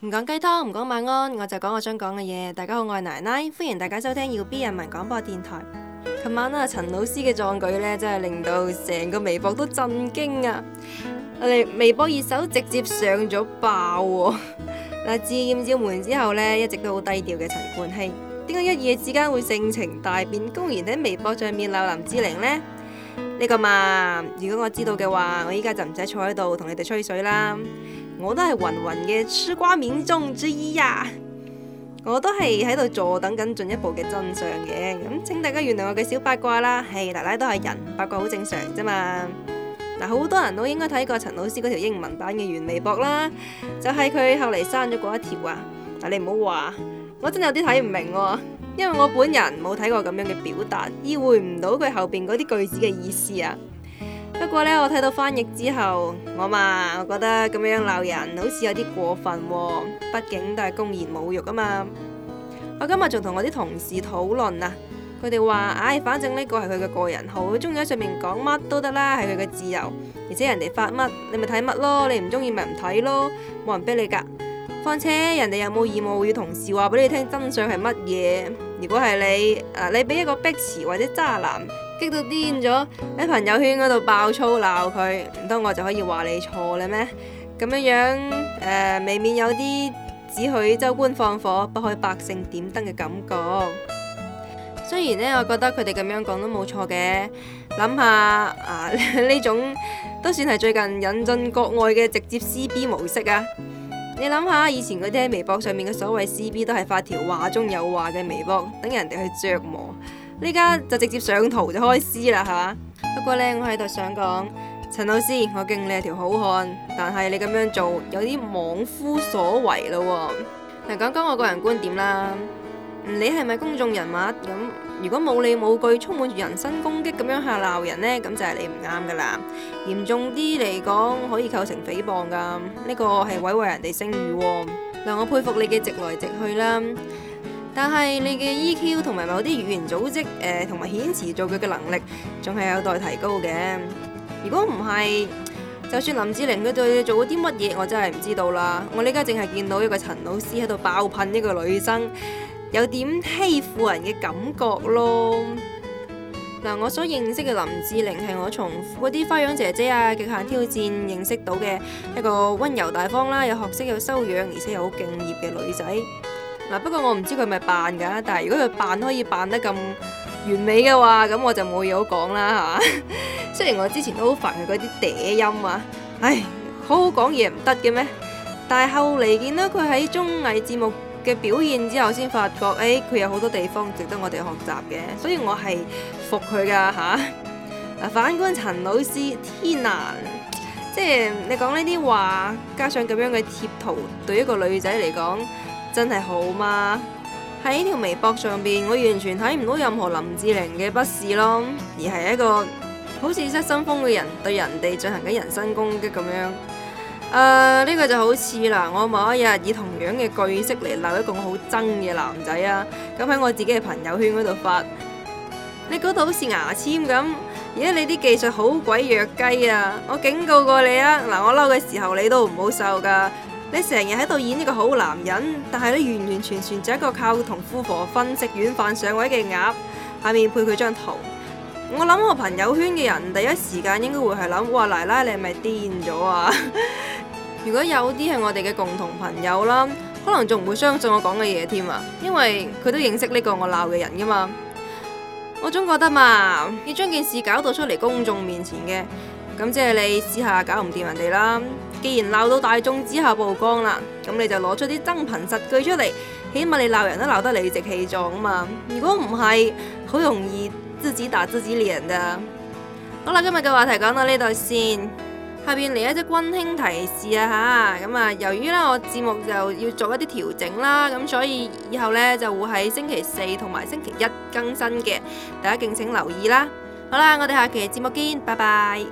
唔講雞湯，唔講晚安，我就講我想講嘅嘢。大家好，我係奶奶，歡迎大家收聽耀 B 人民廣播電台。琴晚啊，陳老師嘅壯舉咧，真係令到成個微博都震驚啊！嚟微博熱搜直接上咗爆喎、啊。嗱， 自艷照門之後咧，一直都好低調嘅陳冠希，點解一夜之間會性情大變，公然喺微博上面鬧林志玲呢？呢個嘛，如果我知道嘅話，我依家就唔使坐喺度同你哋吹水啦。我都係芸芸嘅吃瓜面中之一呀、啊。我都係喺度坐等緊進一步嘅真相嘅。咁請大家原諒我嘅小八卦啦。唉，奶奶都係人，八卦好正常啫嘛。嗱，好多人都應該睇過陳老師嗰條英文版嘅原微博啦，就係、是、佢後嚟刪咗嗰一條啊。嗱，你唔好話，我真係有啲睇唔明、啊。因為我本人冇睇過咁樣嘅表達，意會唔到佢後邊嗰啲句子嘅意思啊。不過呢，我睇到翻譯之後，我嘛，我覺得咁樣鬧人好似有啲過分喎，畢竟都係公然侮辱啊嘛。我今日仲同我啲同事討論啊，佢哋話：唉、哎，反正呢個係佢嘅個人號，中意喺上面講乜都得啦，係佢嘅自由。而且人哋發乜，你咪睇乜咯，你唔中意咪唔睇咯，冇人逼你噶。況且人哋有冇義務要同事話俾你聽真相係乜嘢？如果係你，嗱，你俾一個碧池或者渣男激到癲咗，喺朋友圈嗰度爆粗鬧佢，唔通我就可以話你錯啦咩？咁樣樣誒、呃，未免有啲只許州官放火，不許百姓點燈嘅感覺。雖然呢，我覺得佢哋咁樣講都冇錯嘅，諗下啊，呢種都算係最近引進國外嘅直接撕逼模式啊。你諗下，以前佢哋喺微博上面嘅所謂 C B 都係發條話中有話嘅微博，等人哋去琢磨。呢家就直接上圖就開撕啦，係、啊、不過咧，我喺度想講，陳老師，我敬你係條好漢，但係你咁樣做有啲莽夫所為咯。嗱，講講我個人觀點啦，你係咪公眾人物咁？如果冇理冇據，充滿住人身攻擊咁樣嚇鬧人呢，咁就係你唔啱噶啦。嚴重啲嚟講，可以構成誹謗噶，呢個係毀壞人哋聲譽。嗱，我佩服你嘅直來直去啦，但係你嘅 EQ 同埋某啲語言組織誒同埋遣詞造句嘅能力，仲係有待提高嘅。如果唔係，就算林志玲佢對你做咗啲乜嘢，我真係唔知道啦。我呢家淨係見到一個陳老師喺度爆噴呢個女生。有點欺負人嘅感覺咯。嗱、啊，我所認識嘅林志玲係我從嗰啲花樣姐姐啊嘅《極限挑戰》認識到嘅一個温柔大方啦、啊，又學識又修養，而且又好敬業嘅女仔。嗱、啊，不過我唔知佢咪扮噶，但係如果佢扮可以扮得咁完美嘅話，咁我就冇嘢好講啦，係、啊、 雖然我之前都好煩佢嗰啲嗲音啊，唉，好好講嘢唔得嘅咩？但係後嚟見到佢喺綜藝節目。嘅表現之後，先發覺，誒、欸、佢有好多地方值得我哋學習嘅，所以我係服佢噶嚇。啊、 反觀陳老師，天啊，即係你講呢啲話，加上咁樣嘅貼圖，對一個女仔嚟講，真係好嗎？喺呢條微博上邊，我完全睇唔到任何林志玲嘅不是咯，而係一個好似失心瘋嘅人對人哋進行緊人身攻擊咁樣。誒，呢、uh, 個就好似啦，我某一日以同樣嘅句式嚟鬧一個我好憎嘅男仔啊，咁喺我自己嘅朋友圈嗰度發，你嗰度好似牙籤咁，而家你啲技術好鬼弱雞啊！我警告過你啊，嗱，我嬲嘅時候你都唔好受噶，你成日喺度演一個好男人，但係你完完全全就一個靠同富婆分食軟飯上位嘅鴨。下面配佢張圖，我諗我朋友圈嘅人第一時間應該會係諗，哇，奶奶你係咪癲咗啊？ 如果有啲係我哋嘅共同朋友啦，可能仲唔會相信我講嘅嘢添啊，因為佢都認識呢個我鬧嘅人噶嘛。我總覺得嘛，要將件事搞到出嚟公眾面前嘅，咁即係你試下搞唔掂人哋啦。既然鬧到大眾之下曝光啦，咁你就攞出啲真憑實據出嚟，起碼你鬧人都鬧得理直氣壯啊嘛。如果唔係，好容易自己打自己裂人啊。好啦，今日嘅話題講到呢度先。下邊嚟一隻溫馨提示啊嚇，咁啊由於咧我節目就要做一啲調整啦，咁、啊、所以以後咧就會喺星期四同埋星期一更新嘅，大家敬請留意啦。好啦，我哋下期節目見，拜拜。